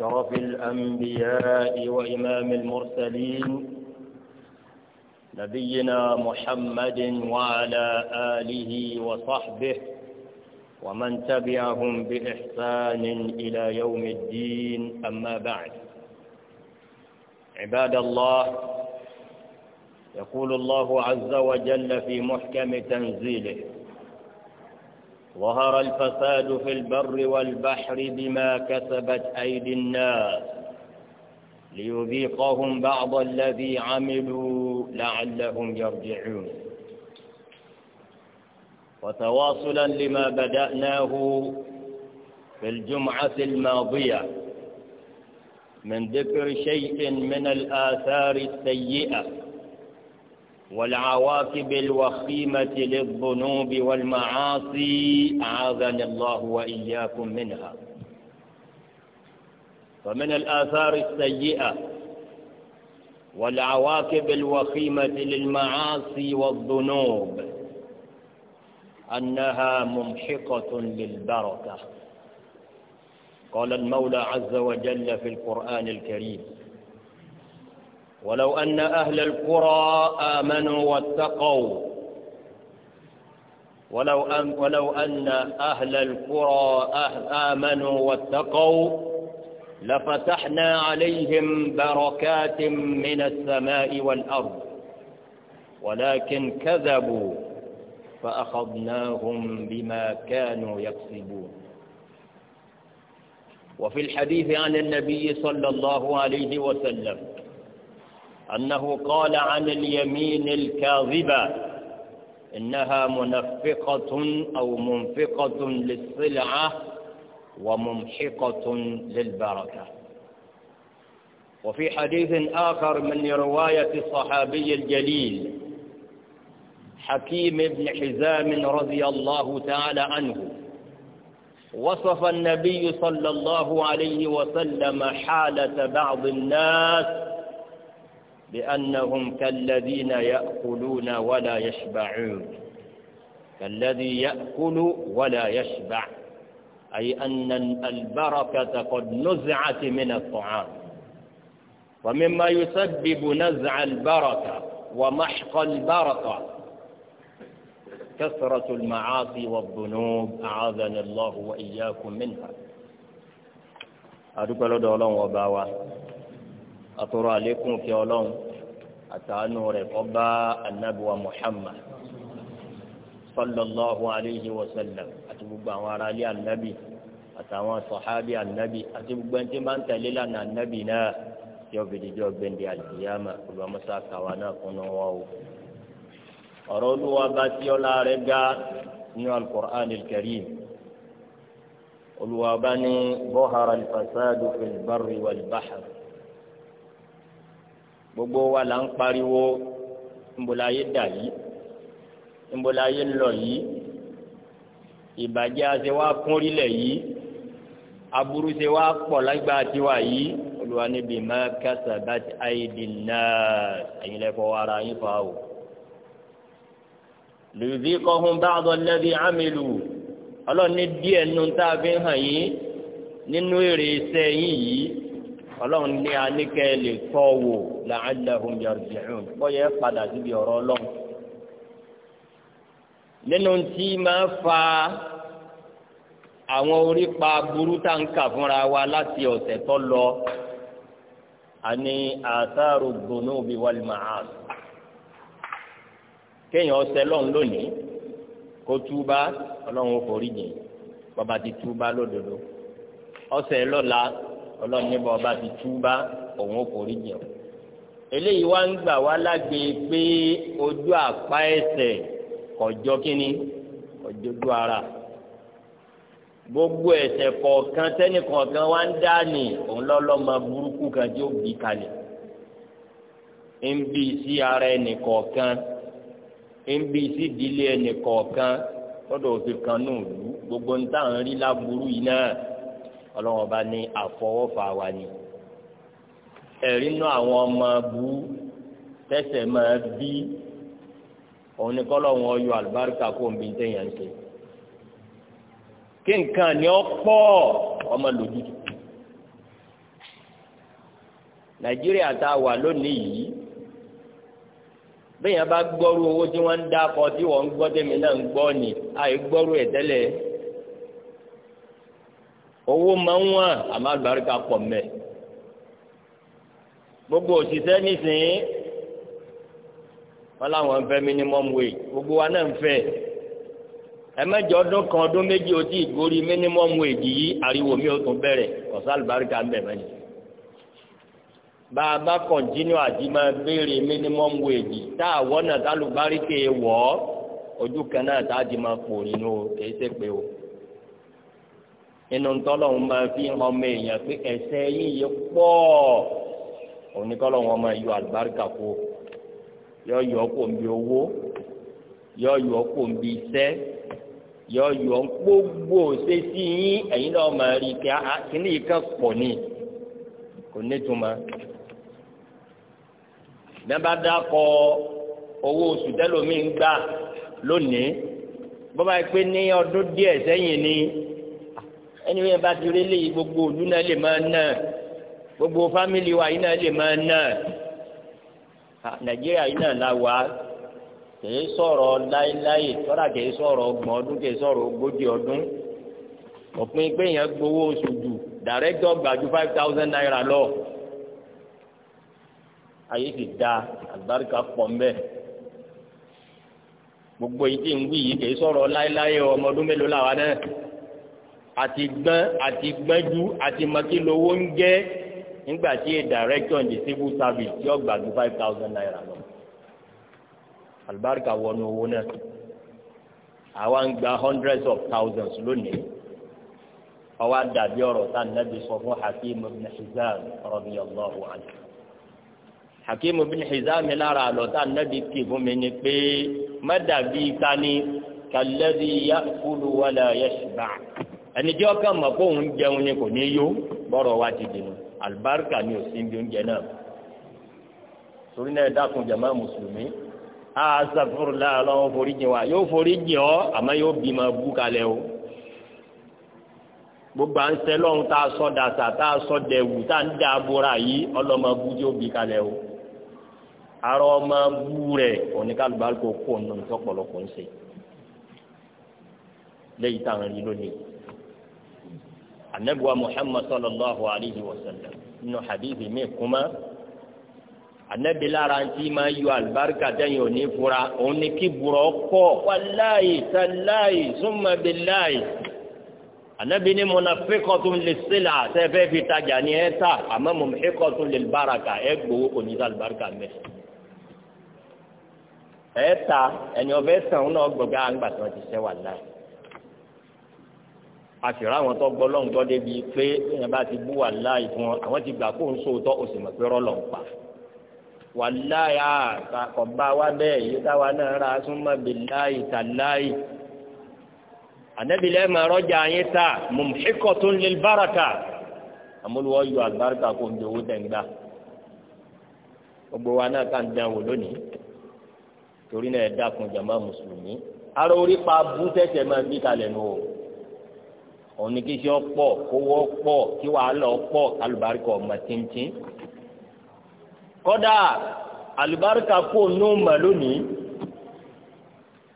أشرف الأنبياء وإمام المرسلين نبينا محمد وعلى آله وصحبه ومن تبعهم بإحسان إلى يوم الدين أما بعد عباد الله يقول الله عز وجل في محكم تنزيله ظهر الفساد في البر والبحر بما كسبت أيدي الناس ليذيقهم بعض الذي عملوا لعلهم يرجعون وتواصلا لما بدأناه في الجمعة الماضية من ذكر شيء من الآثار السيئة والعواقب الوخيمة للذنوب والمعاصي أعاذنا الله وإياكم منها فمن الآثار السيئة والعواقب الوخيمة للمعاصي والذنوب أنها ممحقة للبركة قال المولى عز وجل في القرآن الكريم ولو أن أهل القرى آمنوا واتقوا ولو أن ولو أن أهل القرى أه- آمنوا واتقوا لفتحنا عليهم بركات من السماء والأرض ولكن كذبوا فأخذناهم بما كانوا يكسبون وفي الحديث عن النبي صلى الله عليه وسلم أنه قال عن اليمين الكاذبة إنها منفقة أو منفقة للسلعة وممحقة للبركة وفي حديث آخر من رواية الصحابي الجليل حكيم بن حزام رضي الله تعالى عنه وصف النبي صلى الله عليه وسلم حالة بعض الناس بأنهم كالذين يأكلون ولا يشبعون كالذي يأكل ولا يشبع أي أن البركة قد نزعت من الطعام ومما يسبب نزع البركة ومحق البركة كثرة المعاصي والذنوب أعاذنا الله وإياكم منها أدوك لدى الله وباوه atọrọ àlékún kí Ọlọ́run àtàánú rẹ̀ kó bá anabiwa Muhammad sallallahu alayhi wa sallam àti gbogbo àwọn ará ilé anabi àtàwọn sọ̀hábì anabi àti gbogbo ẹni tí máa ń tẹ̀lé lánà anabi náà yóò fi dídí ọgbẹ́ndé àlùyámà olùwàmúsá kàwá náà kún un wọ́n o. ọ̀rọ̀ olúwa bá tí ọlá rẹ̀ ga ní alukur'an alkarim olùwàbá ní bọ́hara alfasadu fil barri wal bahr gbogbo wa là ń pariwo ńbọlá yé dà yìí ńbọlá yé lọ yìí ìbàjẹ́ àti wá kúnrílẹ̀ yìí aburú ṣe wá pọ̀ lágbà tiwa yìí olùwà níbi má kasabat aidin nas ẹ̀yin lẹ́kọ̀ọ́ ara yín fa o. lùzíkọ́hún báàdọ̀ lẹ́bi àmìlù ọlọ́ọ̀ni díẹ̀ nù tá a fi hàn yín nínú èrè iṣẹ́ yìí ọlọ́run ní aníkẹ́ lè tọ́ wò la'allahum yarji'un bọ́yẹ padà síbi ọ̀rọ̀ ọlọ́run. nínú tí máa fa àwọn orípa burú tá ń kà fúnra wa láti ọ̀sẹ̀ tó lọ àní atharu dhunubi wal ma'asi. kéèyàn ọsẹ lọ́run lónìí kó túbá ọlọ́run ó forí jìn bàbá ti túbá lódodo ọsẹ lọ́la ọlọ́run ní bọ́ ọba ti túbá òun ò forí jìn ọ́ eléyìí wá ń gbà wá lágbe pé ojú àpá ẹsẹ̀ kọjọ́ kínní kọjọ́jú ara gbogbo ẹsẹ̀ kọ̀ọ̀kan tẹ́nì kọ̀ọ̀kan wá ń dá ní òun lọ́lọ́mọ burúkú kan tí ó bì kalẹ̀ ń bí sí ara ẹnì kọ̀ọ̀kan ń bí sí ìdílé ẹnì kọ̀ọ̀kan lọ́dọ̀ òfin kan náà lù gbogbo ń tà ń rí láburú yìí náà ọlọ́run ọba ní àfọwọ́fà wa ni ẹ̀rí nú àwọn ọmọ bú tẹsẹ̀ máa bí òun ni kọ́lọ́run ọyọ àlùbáríkà kó ń bí téèyàn ṣe kí nǹkan ni ọ pọ̀ ọmọ lòdì nàìjíríà tá a wà lónìí yìí bẹ́ẹ̀ yẹn bá gbọ́rú owó tí wọ́n ń dá kọ tí wọ́n ń gbọ́ tèmi náà ń gbọ́ ni àì gbọ́rú ẹ̀ tẹ́lẹ̀ owó máa ń wọ̀n àmọ́ àlùbáríkà pọ̀ mẹ́ gbogbo òṣìṣẹ́ nísìnyí wọn làwọn ń fẹ́ minimum wage gbogbo wa náà ń fẹ́ ẹ̀mẹ́jọ ọdún kan ọdún méjì ó ti ìgórí minimum wage yìí ariwo mi ò tún bẹ̀rẹ̀ kọsá àlùbáríkà ń bẹ mẹni bá a bá kọ̀ntínú àti máa béèrè minimum wage tá a wọ́nà tá àlùbáríkà wọ̀ ọ́ ojú kan náà tá a ti máa pò nínú kèé sèpè o nínú ntọ́lọ́hún máa fi hàn ọmọ èèyàn pé ẹsẹ̀ yíyí pọ̀ oníkọ́lọ́hún ọmọ yọ àlùbáríkà kó yọ yọ kó ń bi owó yọ yọ kó ń bi iṣẹ́ yọ yọ gbogbo ṣe sí yín ẹ̀yin náà máa rí kí á ah, ah, kíní yìí kan pọ̀ ní kò nítumọ̀ nígbà dákọ̀ owó oṣù tẹ́lómi ń gbà lónìí bọ́bá yìí pé ní ọdún díẹ̀ sẹ́yìn ni ẹni wíyẹn bá ti rí léyìí gbogbo òlu náà lè máa ná gbogbo fámìlì wa yìí náà lè máa ná nàìjíríà yìí náà la wà kìí sọ̀rọ̀ láéláé tọ́lá kìí sọ̀rọ̀ ọgbọ̀n ọdún kìí sọ̀rọ̀ ogójì ọdún òpin pé yẹn gbowó oṣù jù dàrẹ́tọ̀ gbàjú five thousand naira lọ ayé ti da àlùbáríkà pọ̀ ń bẹ̀ gbogbo yìí ti ń wí yìí kìí sọ̀rọ̀ láéláé ọmọ ọdún mélòó làwọn náà àti gbọ́n àti gbẹ́jú àti mọ́kìlówó ń jẹ́ nígbà tí a director in the civil service tí ó gbà ju five thousand naira lọ alibarika wọnú owó náà àwa ń gba hundreds of thousands lónìí ọwọ́ àdàbí ọ̀rọ̀ tá nàbí sọ fún Hakim ibn Hizam radiyallahu anhu Hakim ibn Hizam lára àlọ́ tá nàbí kì fún mi ni pé má dàbí tani kalladhi ya'kulu wala yashba' ẹnìjẹ́ ọkàn mọ̀ pé òun jẹun ni kò ní yó bọ́rọ̀ wa ti dìnnà àlùbáríkà ni ò sí ibi oúnjẹ náà torí náà dákun jàmá mùsùlùmí àṣàfùrù láàárọ̀ forí jìn wa yóò forí jìn ọ́ àmọ́ yóò bí ma bú kalẹ̀ o gbogbo à lọ́hún tá a sọ dàsà tá a sọ dẹ̀wù tá a ń dà bóra yìí ọlọ́mọ bú tí ó bí kalẹ̀ o àrọ ọmọ bú rẹ̀ oníkàlùbáríkà kò kó nù tọ́pọ̀lọpọ̀ ń ṣe léyìí táwọn rí lónìí anabiwa muhammad sallallahu alayhi wa sallam nínú hadithi mi kuma anabi lára ntí ma yọ alibarika dẹ́yìn òní fura òní kí burọ kọ wàláyé sàláyé summa billahi anabi ni munafikotun lè sílà sẹfẹ fi tajà ní ẹ ta àmọ́ mumikotun lè baraka ẹ gbowó kò ní sàlùbáríkà mẹ ẹ ta ẹni ọbẹ sàn ọ náà gbọgá àgbàtàn ti sẹ wàláyé àṣìrá àwọn tó gbọ́ lọ́hùn tó débi pé èèyàn bá ti bú wàláì fún ọ àwọn ti gbà kó ń sòótọ́ òsì mọ̀ pé rọ́ọ̀lọ́ ń pa wàláì àkọ́bá wa bẹ́ẹ̀ yìí táwa náà ra súnmọ́ bíláì tàláì ànábìlẹ̀ máa rọ́jà yín ta mumhikotun lil baraka àmúlùwọ́ yọ àlùbáríkà kó ń dowó dẹ́gbà gbogbo wa náà kàn dánwò lónìí torí náà ẹ dákun jàmá mùsùlùmí ara orí pa bú tẹ̀sẹ̀ máa bí kalẹ̀ nù o òun ni kí iṣẹ́ ọ̀pọ̀ kówó ọ̀pọ̀ kí wàhálà ọ̀pọ̀ alùbáríkà ọ̀mọ̀ tìǹtìǹ. kódà alùbáríkà kò ní ọmọ lónìí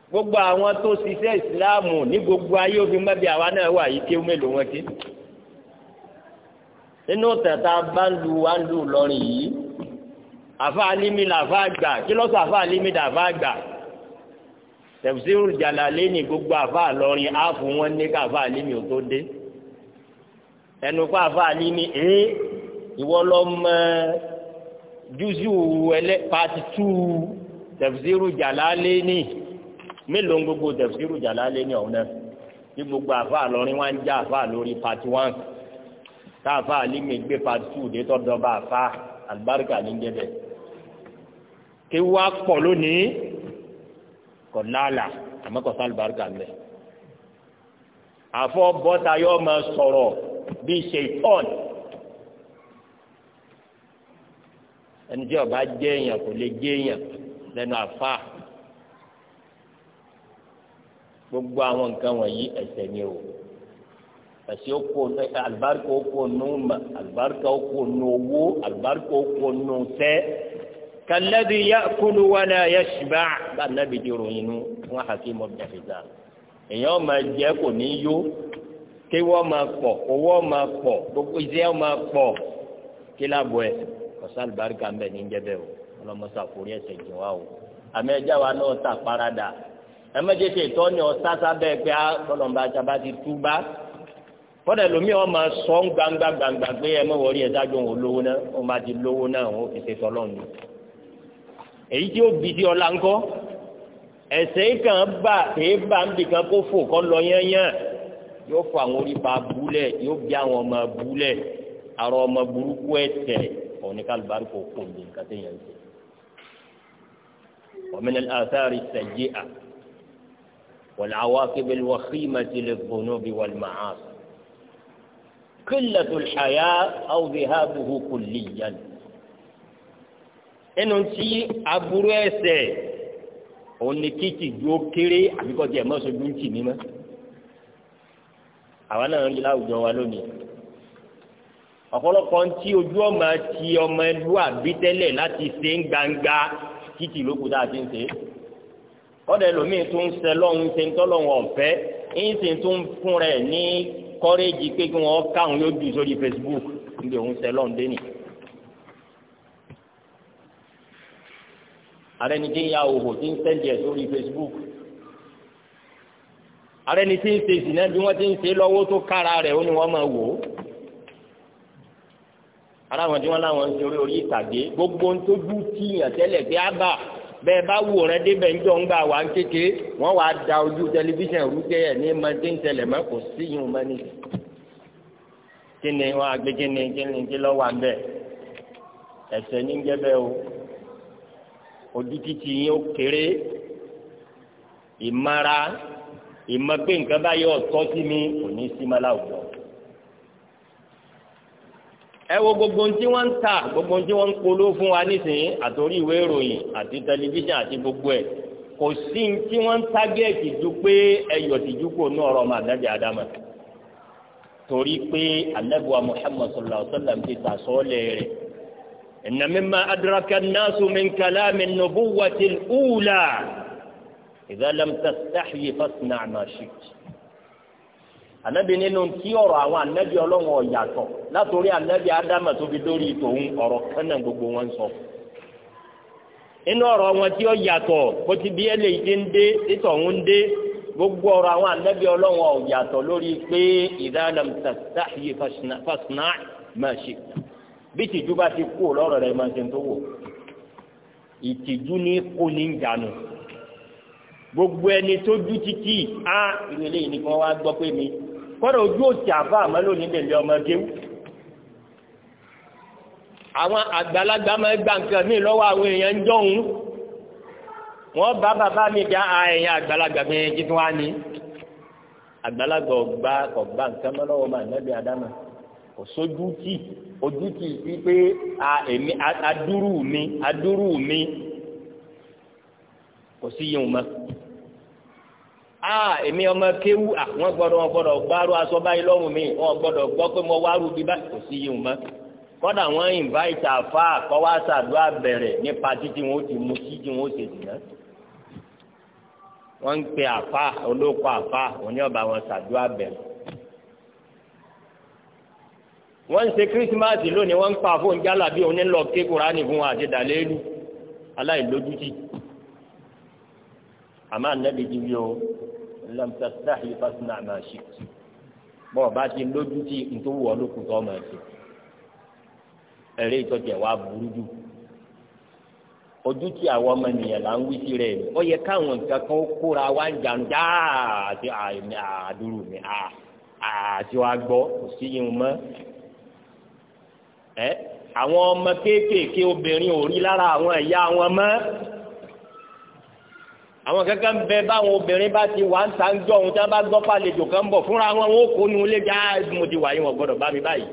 gbogbo àwọn tó ṣiṣẹ́ ìsìláàmù ní gbogbo ayé òfin mẹ́bí àwa náà wà yìí kéwú mélòó wọn kí. nínú tẹ̀ta bá ń lu wá ń lu lọ́rin yìí àfa alimi làfa àgbà kí lọ́sọ̀ àfa alimi làfa àgbà tafsirul Jalalaini gbogbo àfa àlọrin á fún wọn ní káfa àlímì ò tó dé ẹnu kó àfa àlímì ee ìwọ lọ mọ júùsù ẹlẹ pati tú tafsirul Jalalaini mélòó gbogbo tafsirul Jalalaini ọ̀hún náà bí gbogbo àfa àlọrin wá já àfa lórí pati one káfa àlímì gbé pati two dé tọ́ dọ́ba àfa àlùbáríkà ní jẹ́ bẹ́ẹ̀ kéwàá pọ̀ lónìí kọ lálà àmọ́ kọ sálùbáríkà mẹ àfọ bọta yóò máa sọ̀rọ̀ bí ṣe tọn ẹni tí ọba jẹ èèyàn kò lè jẹ èèyàn lẹ́nu àfa gbogbo àwọn nǹkan wọ̀nyí ẹ̀ṣẹ̀ ni o pàṣẹ oko alibarika oko nu ma alibarika oko nu owó alibarika oko nu sẹ kàlẹ́bí yá kúlù wálé yẹ́sùbá kàlẹ́bí di ròyìn nu wọn àti mọ̀bìnrin èèyàn máa jẹ́ kò ní yó kí wọ́n máa pọ̀ owó máa pọ̀ gbogbo iṣẹ́ máa pọ̀ kí lábọ̀ ẹ̀ ọ̀sán àlùbáríkà ń bẹ̀ ní jẹ́bẹ̀ o ọlọ́mọṣà forí ẹ̀sẹ̀ jìn wá o àmì ẹja wa náà ta parada ẹ̀mẹ́jẹ̀kẹ̀ ìtọ́ni ọ̀sáṣá bẹ́ẹ̀ pé bọ́lọ̀mbà àtàbá ti túbá fọ́dẹ̀ lómi wọn máa sọ ń gbangba gbangba pé ẹ mọ̀ wọ́rí ẹ̀dájọ́ òun lówó náà òun bá ti lówó náà òun fi ṣe tọ́lọ́ọ̀nù èyí tí ó bi di ọ̀la ńkọ́ ẹ̀sẹ̀ kan bá èé bá ń bì kan kó fò kọ́ lọ yányán yóò fọ àwọn orípa búlẹ̀ yóò bí àwọn ọmọ búlẹ̀ àrò ọmọ burúkú ẹ̀tẹ̀ òní kálùbárí kò kún ní nǹkan tó yẹn ń ṣe. ومن الآثار السيئة والعواقب الوخيمة للذنوب والمعاصي قلة الحياء أو ذهابه كليا ẹnu tí aburú ẹsẹ̀ òun ni kíkì dúró kéré àbíkọ́tì ẹ̀ mọ́ sojú ń tì mí mọ́ àwa náà rí láwùjọ wa lónìí ọ̀pọ̀lọpọ̀ ntí ojú ọmọ ti ọmọ ẹlú àbí tẹ́lẹ̀ láti ṣe ń gbangba títí lóko tá a ti ń ṣe kọ́dẹ̀ lómi tó ń ṣe lọ́hún ṣe ń tọ́lọ́hún ọ̀fẹ́ ń ṣe tó ń fún rẹ̀ ní kọ́rẹ́jì pé kí wọ́n káwọn yóò jù sórí Facebook ń bẹ òun ṣe lọ́hún dénìí àrẹni tí ń ya òhò tí ń sẹ́ndì ẹ̀ sórí Facebook àrẹni tí ń ṣe ìsìn náà bí wọ́n ti ń ṣe lọ́wọ́ tó kára rẹ̀ ó ní wọ́n máa wò ó ara wọn tí wọ́n láwọn ń ṣe orí orí ìtàgé gbogbo ń tójú tí yàn tẹ́lẹ̀ á bà bẹ́ẹ̀ bá wò rẹ débẹ̀ ń jọ ń gbà wá ń kéke wọ́n wàá da ojú tẹlifíṣàn rúkẹ́ ẹ̀ ní ma dé ń tẹlẹ̀ mọ́ kò sí yìí wọn ní. kí ni wọn àgbẹ̀ kí ni kí ni kí lọ́wọ́ àbẹ̀ ẹ̀sẹ̀ ní ń jẹ́ bẹ́ẹ̀ o ojú títì yín ó kéré ìmara ìmọ̀ pé nǹkan báyìí ọ̀tọ̀ sí mi kò ní í sí mọ́ láwùjọ. ẹ wo gbogbo ohun tí wọ́n ń tà gbogbo ohun tí wọ́n ń polówó fún wa nísìnyí àtòrí ìwé ìròyìn àti tẹlifíṣàn àti gbogbo ẹ̀ kò sí ní tí wọ́n ń tágẹ́ẹ̀tì ju pé ẹyọ̀ tìjú kò ní ọ̀rọ̀ ọmọ àdájẹ́ àdámà torí pé alẹ́ bùa Muhammad sallallahu alaihi wa sallam ti tà sọ́ọ́lẹ̀ rẹ̀ إن مما أدرك الناس من كلام النبوة الأولى إذا لم تستحي فاصنع ما شئت ànábì nínú tí ọ̀rọ̀ àwọn ànábì Ọlọ́run ò yàtọ̀ látòrí ànábì Ádámà tó fi dórí tòun ọ̀rọ̀ kan náà gbogbo wọn sọ inú ọ̀rọ̀ wọn tí ó yàtọ̀ bó ti bí eléyìí ti ń dé títọ ń dé gbogbo ọ̀rọ̀ àwọn ànábì Ọlọ́run ò yàtọ̀ lórí pé إذا لم تستحي فاصنع ما شئت bí ìtìjú bá ti kú lọ́rọ̀ rẹ̀ máa ń ṣe tó wò ìtìjú ní kò ní ìjànù gbogbo ẹni tó dú títí á irú eléyìí ni wọ́n wá gbọ́ pé mi kọ́dọ̀ ojú òsì àbá àmọ́ lónìí lè lé ọmọ géwú àwọn àgbàlagbà máa ń gba nǹkan míì lọ́wọ́ àwọn èèyàn ń jọ̀hún wọ́n bá bàbá mi dá ẹ̀yìn àgbàlagbà mi tuntun wá ní àgbàlagbà ọgbà ọgbà nǹkan mọ́ lọ́wọ́ màá nẹ́bí àdámà kò sójútì ojútì sí pé a èmi adúrú mi adúrú mi kò sí yìí mọ́ a èmi ọmọ kéwú à wọ́n gbọ́dọ̀ wọ́n gbọ́dọ̀ gbárù aṣọ báyìí lọ́rùn mi wọ́n gbọ́dọ̀ gbọ́ pé mo wárú bí báyìí kò sí yìí mọ́ kọ́dà wọ́n invite àfa kọ́wá sàdúrà bẹ̀rẹ̀ nípa títí wọn ó ti mú títí wọn ó ti dìnnà wọ́n ń pe àfa olóko àfa òní ọba wọn sàdúrà bẹ̀rẹ̀ wọ́n ń ṣe kírísímàsì lónìí wọ́n ń pa fóun jálà bí òun ní lọ ké kuraani fún wa àti dàlẹ́lu aláìlójútì àmọ́ ànábi ti wí o lamtasahi fasina bọ́ ọ bá ti lójútì nítorí wọ́n ló kù tọ́ ma ṣe ẹ̀rẹ́ ìtọ́jẹ̀ wa burú jù ojú tí àwọn ọmọ ènìyàn là ń wí sí rẹ̀ ó yẹ káwọn nǹkan kan kóra wá ń jàǹdà àti àdúró mi àti wàá gbọ́ kò sí yín mọ́ ẹ àwọn ọmọ kéékèèké obìnrin ò rí lára àwọn ẹ̀yà wọn mọ́ àwọn kankan ń bẹ báwọn obìnrin bá ti wà ń ta ń jọ ohun tí wọn bá gbọ́ pàlejò kan ń bọ̀ fúnra wọn ó kó nu ilé já mo ti wà yín wọn gbọ́dọ̀ bá mi báyìí.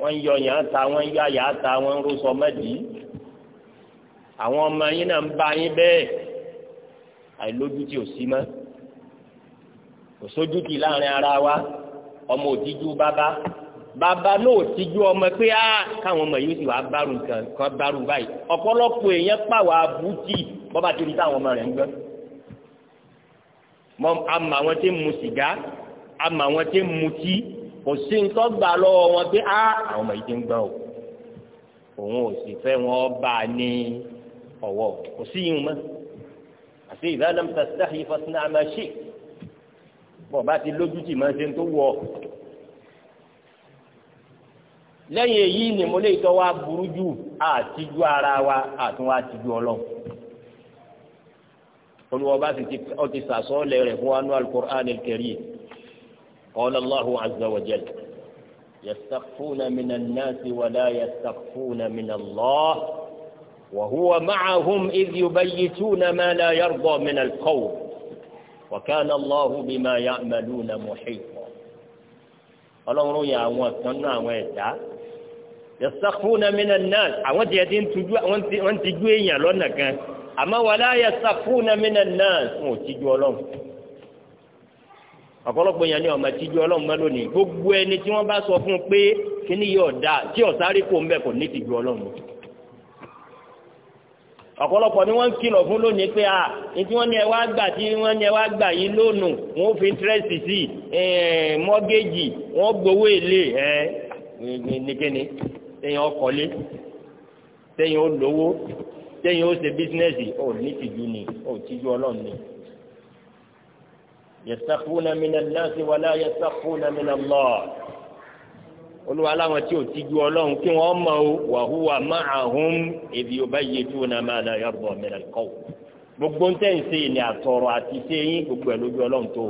wọ́n ń yọ yàn ta wọ́n ń yọ àyà ta wọ́n ń rúṣọ mẹ́dì. àwọn ọmọ yín náà ń bá yín bẹ́ẹ̀ àìlójútì ò sí mọ́ òṣójútì láàrin ara wa ọmọ òtítù bàbá bàbá náà ti ju ọmọ pé á káwọn ọmọ yìí sì wàá bárù nǹkan kan bárù báyìí ọ̀pọ̀lọpọ̀ èèyàn pàwọ́ abútì bọ́ba ti di táwọn ọmọ rẹ̀ ń gbọ́. mọ àmọ́ àwọn tí mu sìgá àmọ́ àwọn tí ń mutí kò sí nǹkan gbà lọ́wọ́ wọn pé á àwọn ọmọ yìí ti ń gbọ́ o òun ò sì fẹ́ wọn bá a ní ọ̀wọ́ kò sí yìí mọ́ àti ìdálẹ́mùtà sáyé fọ́sínà àmàṣe bọ́ba ti lójú tì máa ṣe ń tó wọ̀ ọ́ lẹ́yìn èyí ni mo lè tọ́ wa burú jù àtijú ara wa àtún wa tijú ọlọ́run olùwọ́ba sì ti ọ ti sàsọ́ọ̀lẹ̀ rẹ̀ fún wa nú al-Qur'an al-Karim qala Allahu azza wa jalla yastakhfuna mina an-nasi wa la yastakhfuna mina Allah wa huwa ma'ahum idh yubayyituna ma la yarda mina al-qawl wa kana Allahu bima ya'maluna muhita ọlọ́run yà àwọn kan náà àwọn ẹ̀dá Yasafuna minan nas àwọn tiẹ̀ ti ń tujú wọ́n ti ju èèyàn lọ́nà kan àmọ́ wala yasafuna minan nas wọn ò tijú ọlọ́run ọ̀pọ̀lọpọ̀ èèyàn ni ọ̀mà tijú ọlọ́run mọ́ lónìí gbogbo ẹni tí wọ́n bá sọ fún un pé kíní yóò dáa tí ọ̀sáré kò ń bẹ̀ kò ní tijú ọlọ́run ọ̀pọ̀lọpọ̀ ni wọ́n ń kìlọ̀ fún lónìí pé a tí wọ́n ní ẹ wá gbà tí wọ́n ní ẹ wá gbà yìí lónù wọ́n fi tírẹ́sì sí eh, mọ́gẹ́jì wọ́n gbowó èlé ẹ nìkéni téèyàn ọkọlé téèyàn ó lówó téèyàn ó ṣe bísínẹ́sì ó ní tìjú ni ó tìjú ọlọ́run ni. yẹsàkúnà mi náà náà ṣe wàlá yẹsàkúnà mi náà lọ olúwa láwọn tí ò tìjú ọlọ́run kí wọ́n mọ̀ ó wàhúwà máàhún èbí ọba yìí tó náà máa náà yọ̀bọ̀ mìíràn kọ́ gbogbo ń tẹ̀sí ni àtọ̀rọ̀ àti sẹ́yìn gbogbo ẹ̀ lójú ọlọ́run tó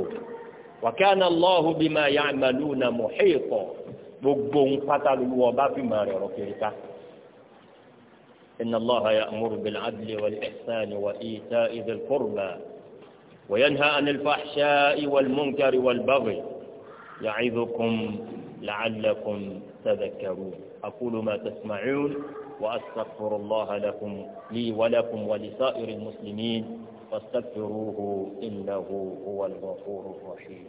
wàkánà lọ́hùn bímọ ya'maluna muhita gbogbo ń pátá lulu ọba fi máa rẹ̀ rọ̀kiri ká. inna allaha ya'muru bil adli wal ihsani wa ita'i dhil qurba wa yanha 'anil fahsha'i wal munkari wal baghi ya'idukum la'allakum tadhakkarun aqulu ma tasma'un wa astaghfiru allaha lakum li wa lakum wa lisa'iril muslimin fastaghfiruhu innahu huwal ghafurur rahim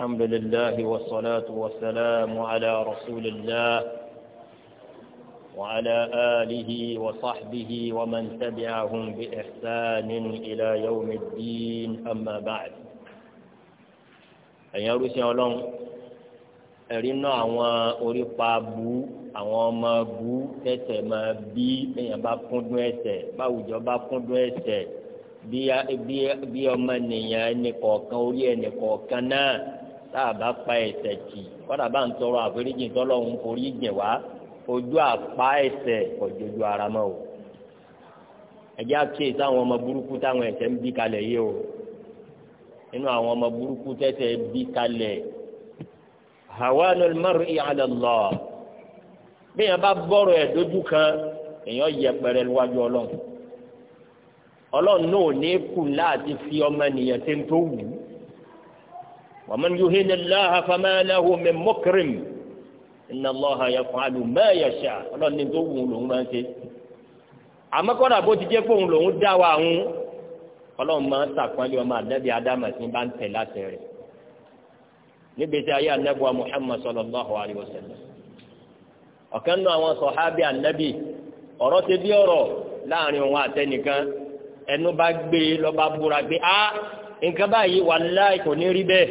الحمد لله والصلاة والسلام على رسول الله وعلى آله وصحبه ومن تبعهم بإحسان إلى يوم الدين أما بعد أن يرسي علم أرنا عوى أريقا بو عوى ما بو تتما بي من يباب كندو يسي باو جباب كندو يسي bí ọmọ nìyẹn ẹnì kọ̀ọ̀kan orí ẹnì kọ̀ọ̀kan náà tá a bá pa ẹ̀ṣẹ̀ tì kọ́dà bá ń tọrọ àforíjì tọ́lọ́hún forí jìn wá ojú àpá ẹ̀ṣẹ̀ ọ̀jọ̀jọ̀ ara mọ́ o ẹ̀jẹ̀ àkíyè táwọn ọmọ burúkú táwọn ẹ̀ṣẹ̀ ń bí kalẹ̀ yìí o nínú àwọn ọmọ burúkú tẹ́tẹ̀ bí kalẹ̀ hawanul mar'i ala Allah bí yẹn bá bọ́rọ̀ ẹ̀ dojú kan èèyàn yẹpẹrẹ níwájú ọlọ́run ọlọ́run náà ní kù láti fi ọmọ nìyẹn tẹ́ ń tó wù ú ومن يهن الله فما له من مكرم إن الله يفعل ما يشاء ọlọ́run ní tó wù lòun máa ń ṣe àmọ́ kọ́dà bó ti jẹ́ pé òun lòun dá wa ń ọlọ́run máa ń sàpọ́nlé ọmọ àdẹ́bí ádámà sí bá ń tẹ̀ láti rẹ̀ nígbèsè ayé anábùwà Muhammad sallallahu alayhi wa sallam ọ̀kan nù àwọn sọ̀hábì anábì ọ̀rọ̀ ti di ọ̀rọ̀ láàrin òun àtẹnìkan ẹnu bá gbé lọ́ba búra gbé a ah, nǹkan báyìí wàláì kò ní rí bẹ́ẹ̀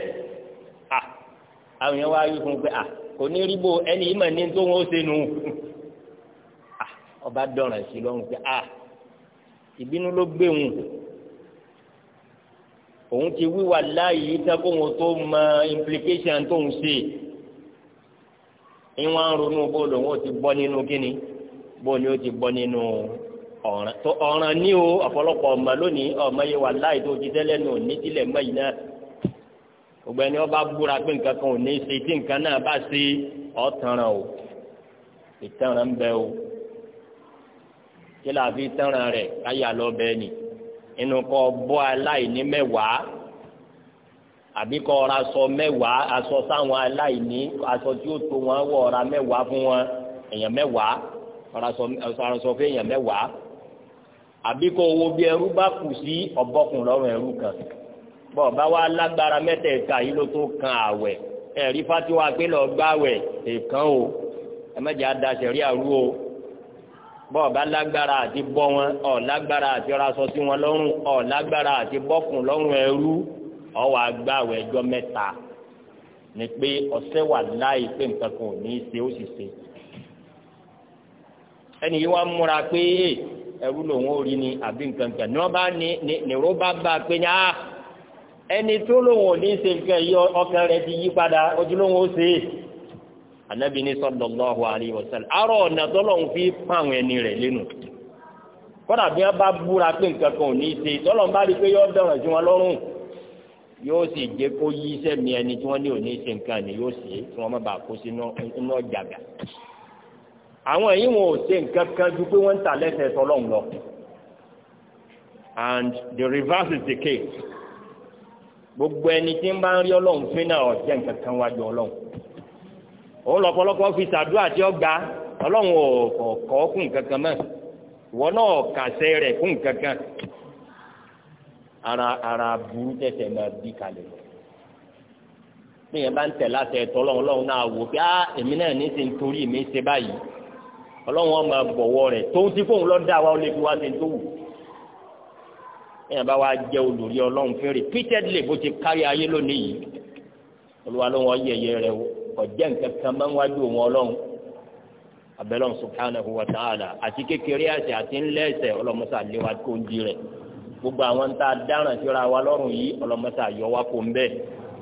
àwọn yẹn wá yí fún un pé à kò ní rí bò ẹni yìí mà ní tó wọn ó ṣe nù ọba dọ̀ràn sí lọ́rùn pé à ìbínú ló gbé wọn òun ti wíwà láàyè tẹ kó wọn tó mọ implication tó ń ṣe ìwọn ń ronú bó lòun ó ti bọ́ nínú kíni bó ni ó ti bọ́ nínú ọ̀ràn tó ọ̀ràn ní o ọ̀pọ̀lọpọ̀ ọmọ lónìí ọmọ yẹn wà láàyè tó ti tẹ́lẹ̀ nù ní tilẹ̀ mọ́ yìí náà gbogbo ẹni ọba búra pé nǹkan kan ò ní ṣe tí nǹkan náà bá ṣe ọ̀tanràn o ìtanràn ń bẹ o kí láàfin tanràn rẹ káyà lọ bẹ ni inú kọ bọ́ aláìní mẹ́wàá àbí kọ ra aṣọ mẹ́wàá aṣọ sáwọn aláìní aṣọ tí ó tó wọn wọ ra mẹ́wàá fún wọn èèyàn mẹ́wàá ọ̀rọ̀sọ fún èèyàn mẹ́wàá àbí kọ owó bí ẹrú bá kù sí ọ̀bọ̀kùn lọ́rùn ẹrú kan bọ́ bá wá lágbára mẹ́tẹ̀ẹ̀ta yìí ló tó kan àwẹ̀ ẹ̀rí fatiwa pé lọ gbáwẹ̀ èèkan o ẹ̀mẹ́jẹ̀ adaṣẹ̀rí àrú o bọ́ bá lágbára àti bọ́ wọn ọ̀ lágbára àti raṣọ sí wọn lọ́rùn ọ̀ lágbára àti bọ́kùn lọ́rùn ẹrú ọ̀ wá gbáwẹ̀ ẹjọ́ mẹ́ta ni pé ọ̀sẹ̀ wà láì pé nǹkan kan ò ní í ṣe ó sì ṣe ẹni yìí wá múra pé ẹrú lòun ò rí ni àbí nǹkan kan ní wọ́n bá ní ní ní bá pé ní ah, áà ẹni tó lóun ò ní ṣe nǹkan yìí ọkàn rẹ̀ ti yí padà ojúlówó ó ṣe é anabi ní sallallahu alayhi wa sallam arọ ọ̀nà tọ́lọ́hún fi pa àwọn ẹni rẹ̀ lẹ́nu kọ́dà bí wọ́n bá búra pé nǹkan kan ò ní ṣe tọ́lọ́hún bá rí i pé yọ́ dọ̀rọ̀ sí wọn lọ́rùn yóò sì jẹ́ kó yí sẹ́mi ẹni tí wọ́n ní ò ní ṣe nǹkan ni yóò ṣe tí wọ́n má bàa kó sínú iná jàgà àwọn yìí wọn ò ṣe nǹkan kan ju pé wọ́n ń ta lẹ́sẹ̀ tọ́lọ́hún lọ and the reverse is the case gbogbo ẹni tí ń bá ń rí ọlọ́run fín náà ọ̀jẹ̀ nǹkan kan wájú ọlọ́run òun lọ́pọ̀lọpọ̀ fi sàdúrà tí ó gba ọlọ́run ọ̀kọ̀ kún nǹkan kan mọ́ ìwọ náà kàṣẹ rẹ̀ kún nǹkan kan ara ara burú tẹ̀sẹ̀ máa bí kalẹ̀ lọ níyẹn bá ń tẹ̀ láti ẹ̀tọ́ ọlọ́run ọlọ́run náà wò pé á ah, èmi náà ní ṣe ń torí mi ṣe báyìí ọlọ́run ọmọ àbọ̀wọ́ rẹ̀ tó ń ti fóun lọ́ọ́ èèyàn bá wá jẹ́ olórí ọlọ́run fún repeatedly bó ti kárí ayé lónìí yìí olúwa ló wọn yẹyẹ rẹ o ọjẹ́ nǹkan kan máa ń wájú òun ọlọ́run abẹ́lọ́n subhanahu wa ta'ala àti kékeré ẹ̀ṣẹ̀ àti ńlẹ́ẹ̀ṣẹ̀ ọlọ́mọṣà léwa kó ń di rẹ̀ gbogbo àwọn ń ta dáràn síra wa lọ́rùn yìí ọlọ́mọṣà yọ wá kó ń bẹ́ẹ̀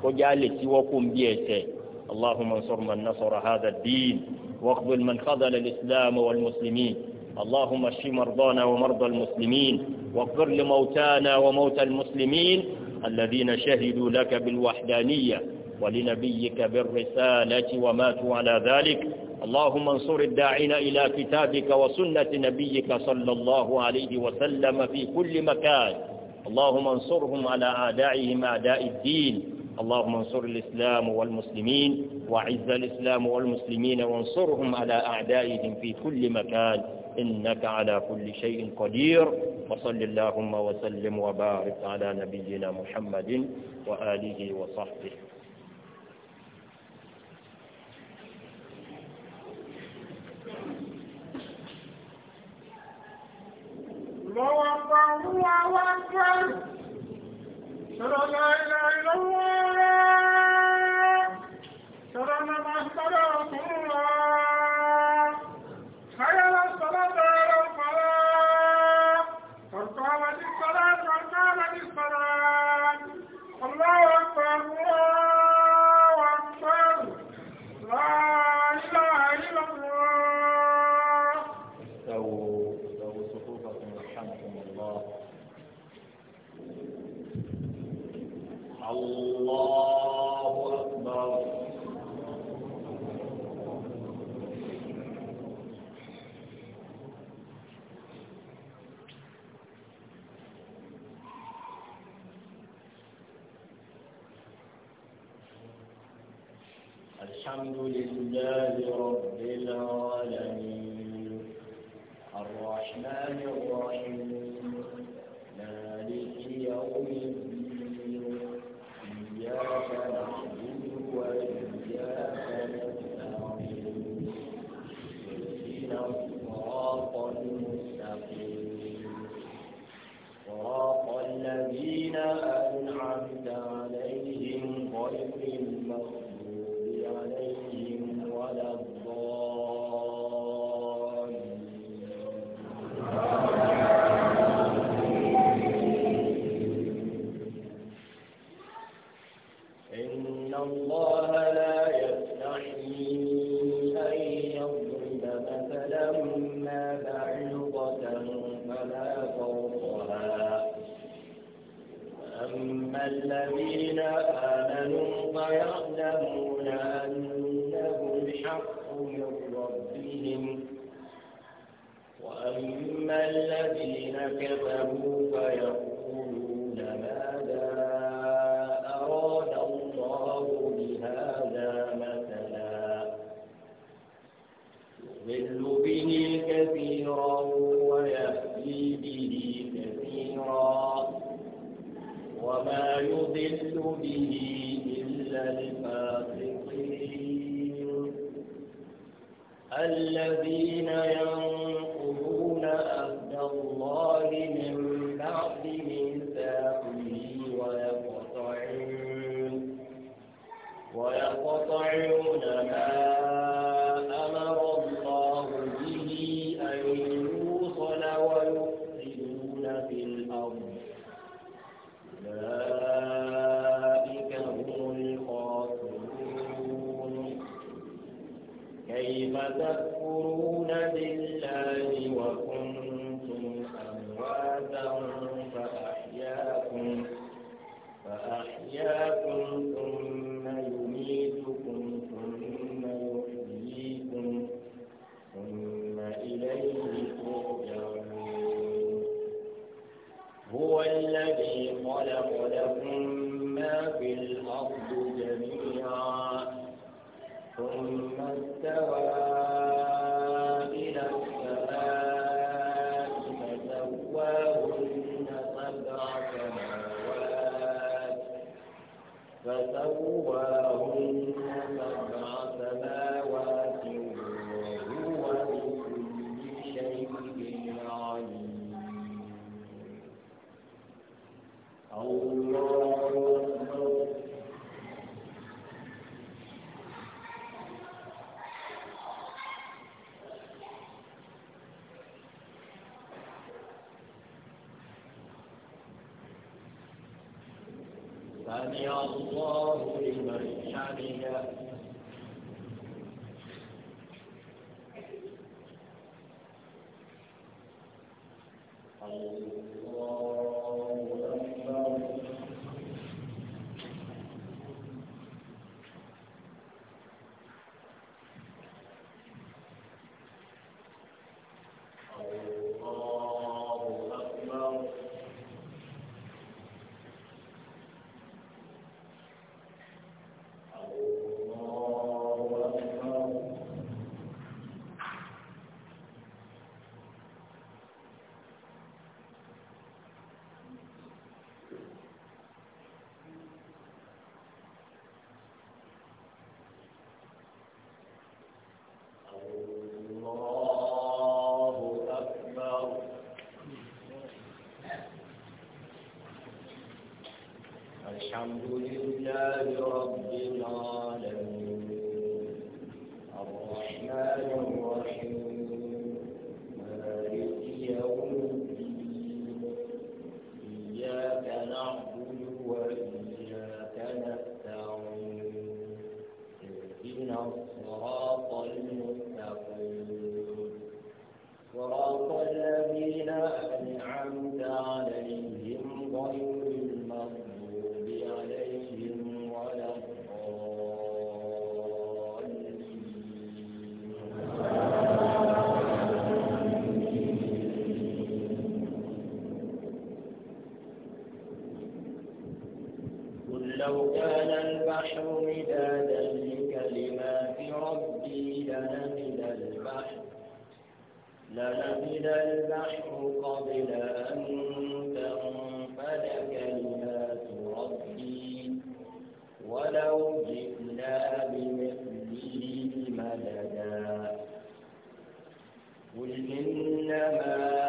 kọjá lè tiwọ́ kó ń bí ẹ̀ṣẹ̀ اللهم انصر من نصر هذا الدين واخذل من خذل الاسلام والمسلمين اللهم اشف مرضانا ومرضى المسلمين واغفر لموتانا وموتى المسلمين الذين شهدوا لك بالوحدانية ولنبيك بالرسالة وماتوا على ذلك اللهم انصر الداعين إلى كتابك وسنة نبيك صلى الله عليه وسلم في كل مكان اللهم انصرهم على أعدائهم أعداء الدين اللهم انصر الإسلام والمسلمين وعز الإسلام والمسلمين وانصرهم على أعدائهم في كل مكان إنك على كل شيء قدير وصل اللهم وسلم وبارك على نبينا محمد وآله وصحبه لله رب العالمين سمع الله لمن حمده الحمد لله رب العالمين ولو جئنا بمثله مددا قل إنما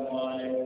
السلام عليكم